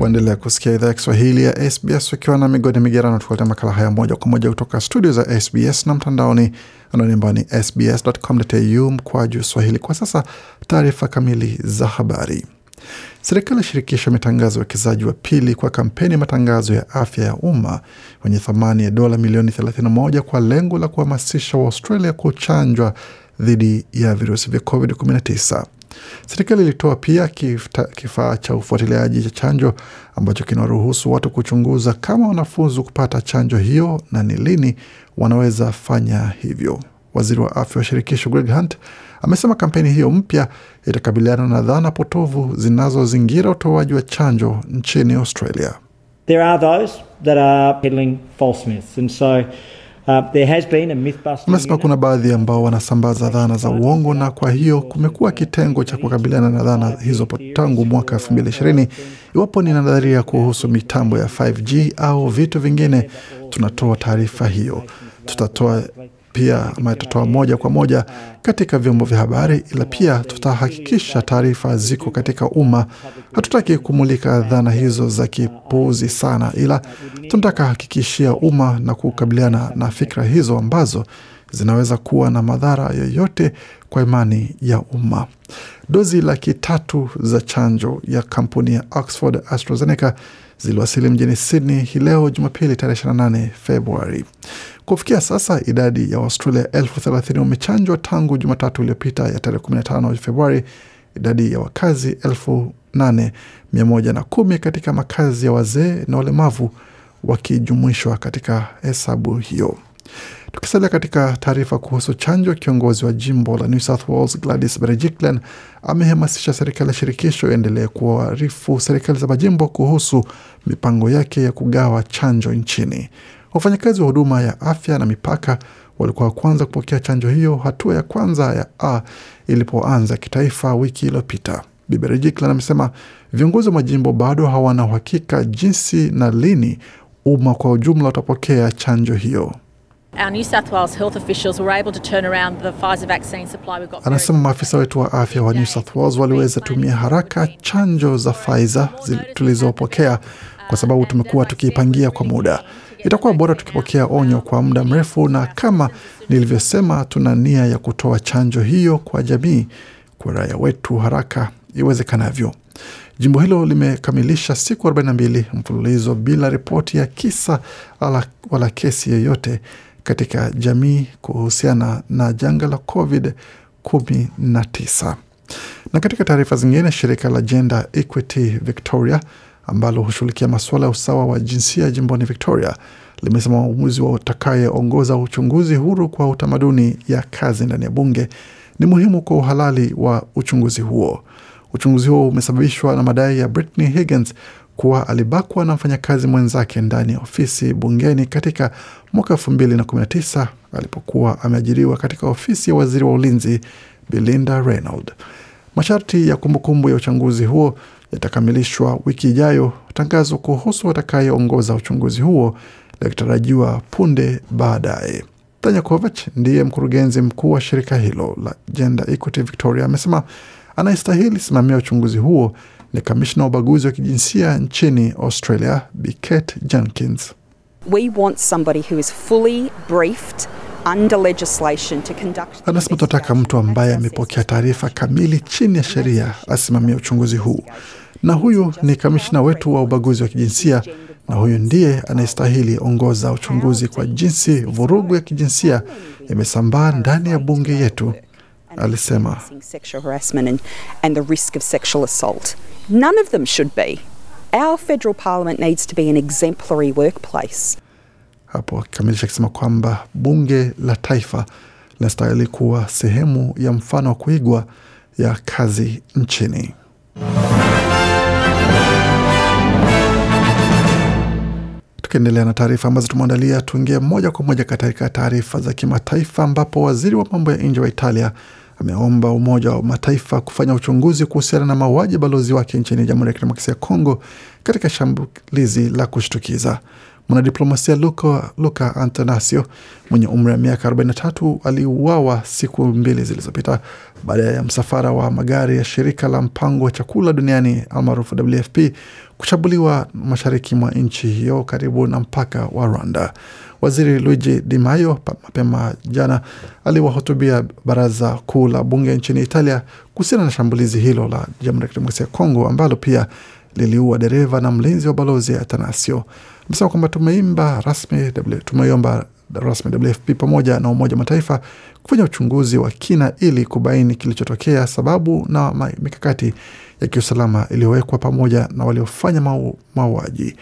Waendelea kusikia idhaa ya Kiswahili ya SBS ukiwa na migodi migerano, tukuletea makala haya moja kwa moja kutoka studio za SBS na mtandaoni anaonembani sbs.com.au juu swahili. Kwa sasa taarifa kamili za habari. Serikali ya shirikisho imetangaza uwekezaji wa pili kwa kampeni ya matangazo ya afya ya umma wenye thamani ya dola milioni 31 kwa lengo la kuhamasisha Waaustralia kuchanjwa dhidi ya virusi vya COVID-19. Serikali ilitoa pia kifaa cha ufuatiliaji cha chanjo ambacho kinawaruhusu watu kuchunguza kama wanafunzi kupata chanjo hiyo na ni lini wanaweza fanya hivyo. Waziri wa afya wa shirikisho Greg Hunt amesema kampeni hiyo mpya itakabiliana na dhana potovu zinazozingira utoaji wa chanjo nchini Australia. There are those that are peddling false myths and so Uh, Unasema kuna baadhi ambao wanasambaza dhana za uongo na kwa hiyo kumekuwa kitengo cha kukabiliana na dhana hizo tangu mwaka ishirini. Iwapo ni nadharia kuhusu mitambo ya 5G au vitu vingine, tunatoa taarifa hiyo, tutatoa pia ama tutatoa moja kwa moja katika vyombo vya habari, ila pia tutahakikisha taarifa ziko katika umma. Hatutaki kumulika dhana hizo za kipuuzi sana, ila tunataka hakikishia umma na kukabiliana na fikra hizo ambazo zinaweza kuwa na madhara yoyote kwa imani ya umma. Dozi laki tatu za chanjo ya kampuni ya Oxford AstraZeneca ziliwasili mjini Sydney hii leo Jumapili tarehe 28 Februari. Kufikia sasa idadi ya Waustralia elfu thelathini wamechanjwa tangu Jumatatu iliyopita ya tarehe 15 Februari, idadi ya wakazi elfu nane mia moja na kumi katika makazi ya wazee na walemavu wakijumuishwa katika hesabu hiyo. Tukisalia katika taarifa kuhusu chanjo, kiongozi wa jimbo la New South Wales Gladys Berejiklian amehamasisha serikali ya shirikisho iendelee kuwaarifu serikali za majimbo kuhusu mipango yake ya kugawa chanjo nchini. Wafanyakazi wa huduma ya afya na mipaka walikuwa wa kwanza kupokea chanjo hiyo, hatua ya kwanza ya A ilipoanza kitaifa wiki iliyopita. Berejiklian amesema viongozi wa majimbo bado hawana uhakika jinsi na lini umma kwa ujumla utapokea chanjo hiyo. Anasema maafisa wetu wa afya wa New South Wales waliweza tumia haraka chanjo za Pfizer tulizopokea uh, kwa sababu tumekuwa tukiipangia kwa muda. Itakuwa bora tukipokea onyo kwa muda mrefu, na kama nilivyosema, tuna nia ya kutoa chanjo hiyo kwa jamii, kwa raia wetu haraka iwezekanavyo. Jimbo hilo limekamilisha siku 42 mfululizo bila ripoti ya kisa wala kesi yeyote katika jamii kuhusiana na janga la COVID-19. Na katika taarifa zingine, shirika la Gender Equity Victoria ambalo hushughulikia masuala ya usawa wa jinsia jimboni Victoria limesema uamuzi wa utakayeongoza uchunguzi huru kwa utamaduni ya kazi ndani ya bunge ni muhimu kwa uhalali wa uchunguzi huo. Uchunguzi huo umesababishwa na madai ya Britney Higgins kuwa alibakwa na mfanyakazi mwenzake ndani ya ofisi bungeni katika mwaka tisa alipokuwa ameajiriwa katika ofisi ya waziri wa ulinzi Belinda Reynold. Masharti ya kumbukumbu ya uchunguzi huo yatakamilishwa wiki ijayo, tangazo kuhusu watakayeongoza uchunguzi huo likitarajiwa punde baadaye. Tanya Kovac ndiye mkurugenzi mkuu wa shirika hilo la Gender Equity Victoria amesema anayestahili simamia uchunguzi huo ni kamishna wa ubaguzi wa kijinsia nchini Australia, Bi Jenkins. We want somebody who is fully briefed Anasema tunataka mtu ambaye amepokea taarifa kamili chini ya sheria asimamia uchunguzi huu, na huyu ni kamishna wetu wa ubaguzi wa kijinsia, na huyu ndiye anayestahili ongoza uchunguzi kwa jinsi vurugu ya kijinsia imesambaa ndani ya bunge yetu alisema hapo akikamilisha akisema kwamba bunge la taifa linastahili kuwa sehemu ya mfano wa kuigwa ya kazi nchini. Tukiendelea na taarifa ambazo tumeandalia, tuingie moja kwa moja katika taarifa za kimataifa, ambapo waziri wa mambo ya nje wa Italia ameomba Umoja wa Mataifa kufanya uchunguzi kuhusiana na mauaji balozi wake nchini Jamhuri ya Kidemokrasia ya Kongo katika shambulizi la kushtukiza. Mwanadiplomasia Luca, Luka Antanasio mwenye umri wa miaka 43 aliuawa siku mbili zilizopita baada ya msafara wa magari ya shirika la mpango wa chakula duniani almaarufu WFP kuchabuliwa mashariki mwa nchi hiyo karibu na mpaka wa Rwanda. Waziri Luigi Di Maio mapema jana aliwahutubia baraza kuu la bunge nchini Italia kuhusiana na shambulizi hilo la Jamhuri ya Kidemokrasia ya Kongo ambalo pia liliua dereva na mlinzi wa balozi Atanasio. Amesema kwamba tumeimba rasmi tumeiomba rasmi WFP pamoja na Umoja wa Mataifa kufanya uchunguzi wa kina ili kubaini kilichotokea, sababu na mikakati ya kiusalama iliyowekwa pamoja na waliofanya mauaji.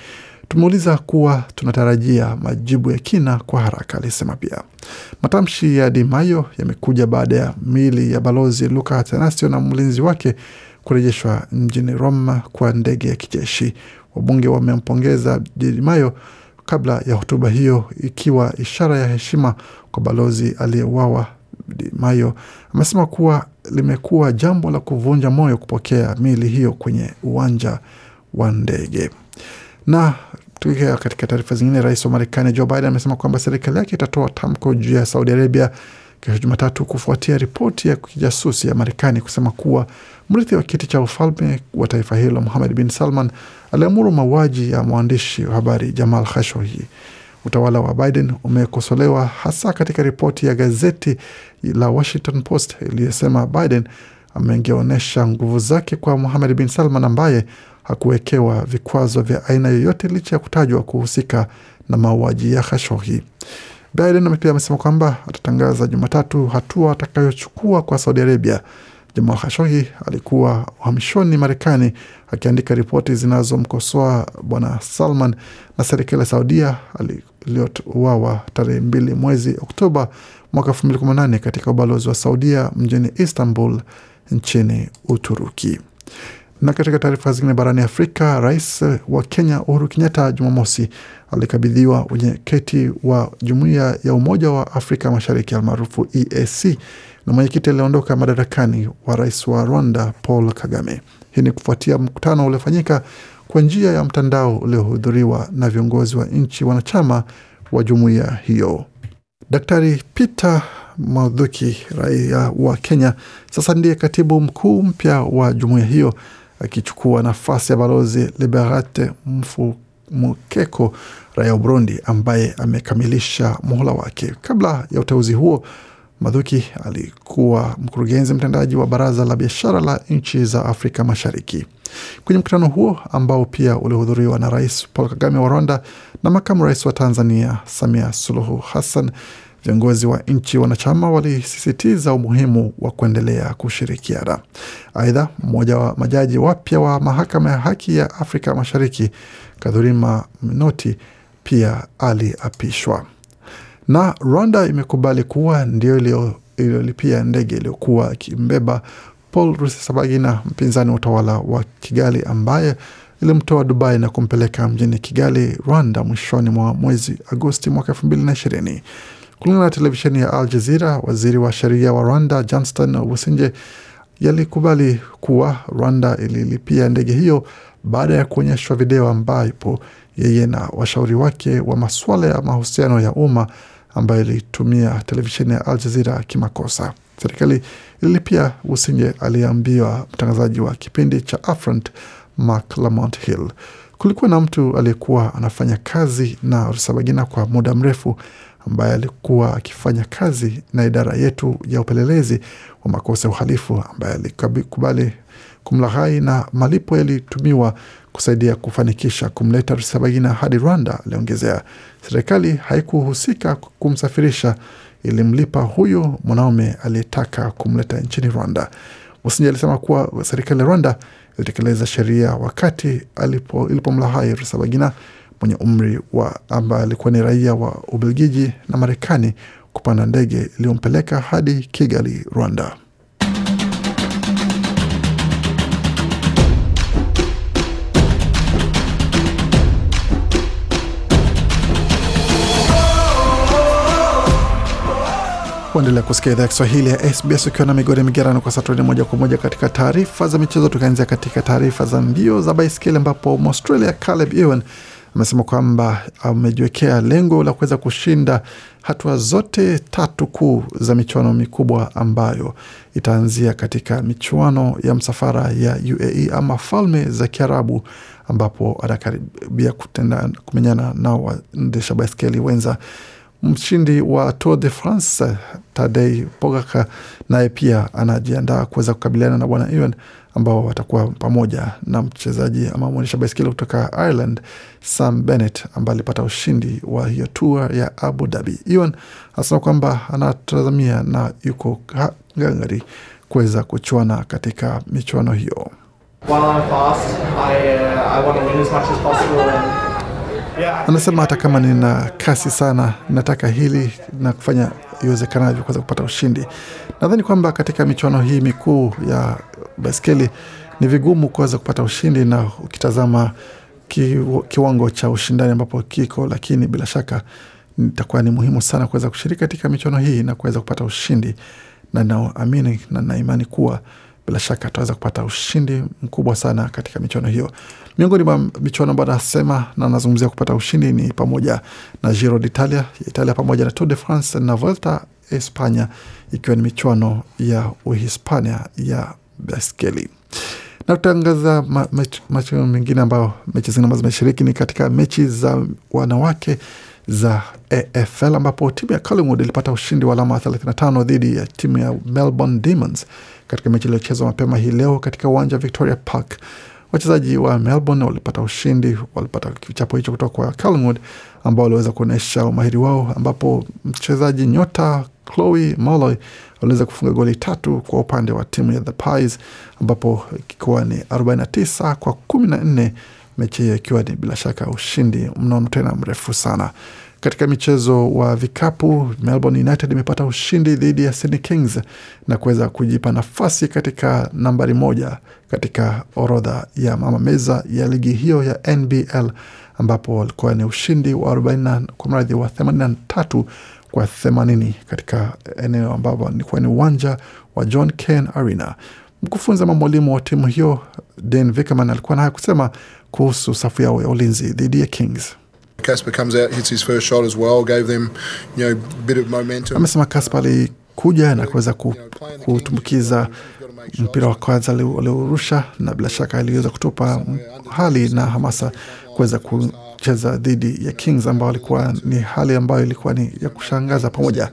Tumeuliza kuwa tunatarajia majibu ya kina kwa haraka, alisema pia. Matamshi ya dimayo yamekuja baada ya mili ya balozi Luka Atanasio na mlinzi wake kurejeshwa mjini Roma kwa ndege ya kijeshi. Wabunge wamempongeza Dirimayo kabla ya hotuba hiyo, ikiwa ishara ya heshima kwa balozi aliyeuawa. mayo amesema kuwa limekuwa jambo la kuvunja moyo kupokea mili hiyo kwenye uwanja wa ndege. Na tukiwa katika taarifa zingine, rais wa Marekani Joe Biden amesema kwamba serikali yake itatoa tamko juu ya Saudi Arabia kesho Jumatatu kufuatia ripoti ya kijasusi ya Marekani kusema kuwa mrithi wa kiti cha ufalme wa taifa hilo Muhamed bin Salman aliamuru mauaji ya mwandishi wa habari Jamal Khashoggi. Utawala wa Biden umekosolewa hasa katika ripoti ya gazeti la Washington Post iliyosema Biden amengeonyesha nguvu zake kwa Muhamed bin Salman ambaye hakuwekewa vikwazo vya aina yoyote licha ya kutajwa kuhusika na mauaji ya Khashoggi. Biden pia amesema kwamba atatangaza Jumatatu hatua atakayochukua kwa Saudi Arabia. Jamal Khashoggi alikuwa uhamishoni Marekani akiandika ripoti zinazomkosoa Bwana Salman na serikali ya Saudia aliyouawa tarehe mbili mwezi Oktoba mwaka 2018 katika ubalozi wa Saudia mjini Istanbul nchini Uturuki. Na katika taarifa zingine barani Afrika, rais wa Kenya Uhuru Kenyatta Jumamosi alikabidhiwa wenyeketi wa Jumuiya ya Umoja wa Afrika Mashariki almaarufu EAC na mwenyekiti aliondoka madarakani wa rais wa Rwanda Paul Kagame. Hii ni kufuatia mkutano uliofanyika kwa njia ya mtandao uliohudhuriwa na viongozi wa nchi wanachama wa jumuiya hiyo. Daktari Peter Maudhuki, raia wa Kenya, sasa ndiye katibu mkuu mpya wa jumuiya hiyo akichukua nafasi ya Balozi Liberate Mfumukeko raia wa Burundi ambaye amekamilisha muhula wake. Kabla ya uteuzi huo, madhuki alikuwa mkurugenzi mtendaji wa Baraza la Biashara la Nchi za Afrika Mashariki. Kwenye mkutano huo ambao pia ulihudhuriwa na Rais Paul Kagame wa Rwanda na Makamu Rais wa Tanzania Samia Suluhu Hassan Viongozi wa nchi wanachama walisisitiza umuhimu wa kuendelea kushirikiana. Aidha, mmoja wa majaji wapya wa mahakama ya haki ya Afrika Mashariki Kadhurima mnoti pia aliapishwa. Na Rwanda imekubali kuwa ndio iliyolipia ndege iliyokuwa ikimbeba Paul Rusesabagina, mpinzani wa utawala wa Kigali ambaye ilimtoa Dubai na kumpeleka mjini Kigali, Rwanda mwishoni mwa mwezi Agosti mwaka elfu mbili na ishirini. Kulingana na televisheni ya Al Jazeera, waziri wa sheria wa Rwanda Johnston wusinje yalikubali kuwa Rwanda ililipia ndege hiyo baada ya kuonyeshwa video ambapo yeye na washauri wake wa masuala ya mahusiano ya umma ambayo ilitumia televisheni ya Al Jazeera kimakosa. Serikali ililipia, Busingye aliambiwa mtangazaji wa kipindi cha Afrant Mark Lamont Hill. Kulikuwa na mtu aliyekuwa anafanya kazi na Rusabagina kwa muda mrefu ambaye alikuwa akifanya kazi na idara yetu ya upelelezi wa makosa ya uhalifu, ambaye alikubali kumlaghai na malipo yalitumiwa kusaidia kufanikisha kumleta Rusabagina hadi Rwanda, aliongezea. Serikali haikuhusika kumsafirisha, ilimlipa huyo mwanaume aliyetaka kumleta nchini Rwanda. Musinja alisema kuwa serikali ya Rwanda ilitekeleza sheria wakati ilipomlahai Rusabagina mwenye umri wa ambaye alikuwa ni raia wa Ubelgiji na Marekani kupanda ndege iliyompeleka hadi Kigali, Rwanda. Endelea kusikia idhaa ya Kiswahili ya SBS ukiwa na migodi migerano kwa satuni moja kwa moja katika taarifa za michezo. Tukaanzia katika taarifa za mbio za baiskeli ambapo Mwaustralia Caleb Ewan amesema kwamba amejiwekea lengo la kuweza kushinda hatua zote tatu kuu za michuano mikubwa ambayo itaanzia katika michuano ya msafara ya UAE ama Falme za Kiarabu, ambapo anakaribia kutenda kumenyana nao waendesha baiskeli wenza. Mshindi wa Tour de France Tadej Pogacar naye pia anajiandaa kuweza kukabiliana na bwana Ewan ambao watakuwa pamoja na mchezaji ama mwendesha baiskeli kutoka Ireland Sam Bennett ambaye alipata ushindi wa hiyo tour ya Abu Dhabi. Ewan anasema kwamba anatazamia na yuko gangari kuweza kuchuana katika michuano hiyo. Uh, anasema hata kama nina kasi sana, nataka hili na kufanya iwezekanavyo kuweza kupata ushindi. Nadhani kwamba katika michuano hii mikuu ya baiskeli ni vigumu kuweza kupata ushindi, na ukitazama kiwango cha ushindani ambapo kiko, lakini bila shaka itakuwa ni muhimu sana kuweza kushiriki katika michuano hii na kuweza kupata ushindi, na naamini na naimani kuwa bila shaka ataweza kupata ushindi mkubwa sana katika michuano hiyo. Miongoni mwa michuano ambayo anasema na anazungumzia kupata ushindi ni pamoja na Giro d'Italia Italia, pamoja na Tour de France na Vuelta Hispania, ikiwa ni michuano ya Uhispania ya baskeli na kutangaza mechi mengine ambayo mechi zingine ambazo zimeshiriki ni katika mechi za wanawake za AFL ambapo timu ya Collingwood ilipata ushindi wa alama 35 dhidi ya timu ya Melbourne Demons katika mechi iliyochezwa mapema hii leo katika uwanja wa Victoria Park. Wachezaji wa Melbourne walipata ushindi, walipata kichapo hicho kutoka kwa Collingwood ambao waliweza kuonyesha umahiri wao, ambapo mchezaji nyota Chloe Molloy waliweza kufunga goli tatu kwa upande wa timu ya The Pies, ambapo ikiwa ni 49 kwa 14 mechi hiyo ikiwa ni bila shaka ushindi mnono tena mrefu sana. Katika michezo wa vikapu, Melbourne United imepata ushindi dhidi ya Sydney Kings na kuweza kujipa nafasi katika nambari moja katika orodha ya mama meza ya ligi hiyo ya NBL, ambapo walikuwa ni ushindi wa 40 kwa mradhi wa 83 kwa 80 katika eneo ambapo ilikuwa ni uwanja wa John Cain Arena. Mkufunzi ama mwalimu wa timu hiyo Dan Vickerman alikuwa na haya kusema kuhusu safu yao ya ulinzi dhidi ya Kings. Amesema Casper alikuja na kuweza kutumbukiza mpira wa kwanza aliorusha, na bila shaka aliweza kutupa hali na hamasa kuweza kucheza dhidi ya Kings ambao alikuwa ni hali ambayo ilikuwa ni ya kushangaza pamoja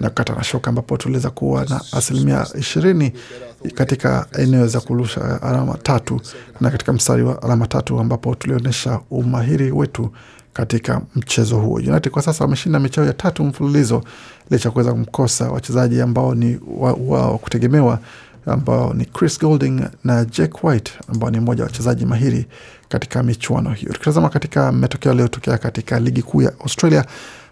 na kukata na shoka, ambapo tuliweza kuwa na asilimia ishirini katika eneo za kurusha alama tatu na katika mstari wa alama tatu ambapo tulionyesha umahiri wetu katika mchezo huo. United kwa sasa wameshinda mechi yao ya tatu mfululizo licha kuweza kumkosa wachezaji ambao ni wao wa, wa kutegemewa ambao ni Chris Golding na Jack White ambao ni mmoja wa wachezaji mahiri katika michuano hiyo. Tukitazama katika matokeo yaliyotokea katika ligi kuu ya Australia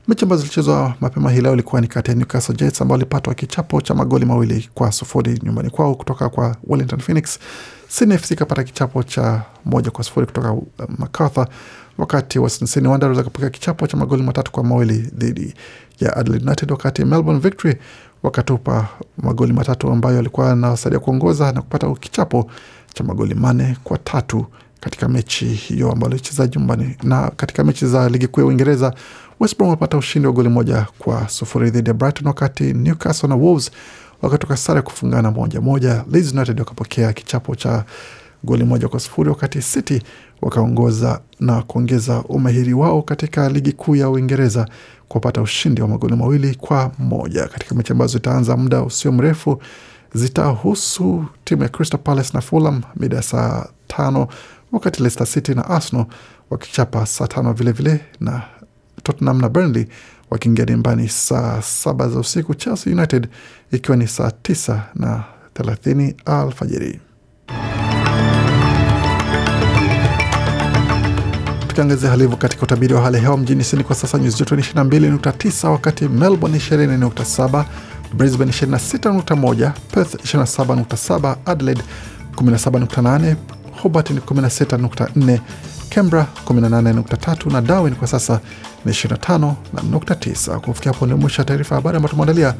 Mechi ambazo zilichezwa mapema hii leo ilikuwa ni kati ya Newcastle Jets ambao walipatwa kichapo cha magoli mawili kwa sufuri nyumbani kwao kutoka kwa Wellington Phoenix. Sydney FC ikapata kichapo cha moja kwa sufuri kutoka uh, MacArthur, wakati Western Sydney Wanderers akapokea kichapo cha magoli matatu kwa mawili dhidi ya Adelaide United, wakati Melbourne Victory wakatupa magoli matatu ambayo alikuwa anawasaidia kuongoza na kupata kichapo cha magoli manne kwa tatu katika mechi hiyo ambayo alicheza nyumbani. Na katika mechi za ligi kuu ya Uingereza West Brom wamepata ushindi wa goli moja kwa sufuri dhidi ya Brighton, wakati Newcastle na Wolves wakatoka sare kufungana moja moja. Leeds United wakapokea kichapo cha goli moja kwa sufuri wakati City wakaongoza na kuongeza umahiri wao katika ligi kuu ya Uingereza kupata ushindi wa magoli mawili kwa moja katika mechi ambazo zitaanza muda usio mrefu. Zitahusu timu ya Crystal Palace na Fulham mida ya saa tano, wakati Leicester City na Arsenal wakichapa saa tano vilevile na Tottenham na Burnley wakiingia dimbani saa saba za usiku, Chelsea United ikiwa ni saa tisa na thelathini alfajiri. Tukiangazia hali hivyo katika utabiri wa hali ya hewa mjini Sydney kwa sasa nyuzi joto ni 22.9, wakati Melbourne 20.7, Brisbane 26.1, Perth 27.7, Adelaide 17.8, Hobart 16.4 Canberra 18.3 na Darwin kwa sasa ni 25.9. Kufikia hapo ndio mwisho ya taarifa ya habari ambayo tumeandalia.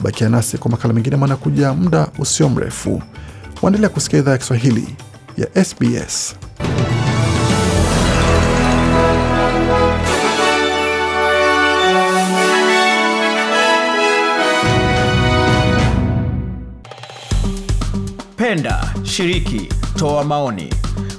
Bakia nasi kwa makala mengine, maana kuja muda usio mrefu. Waendelea kusikia idhaa ya Kiswahili ya SBS. Penda, shiriki, toa maoni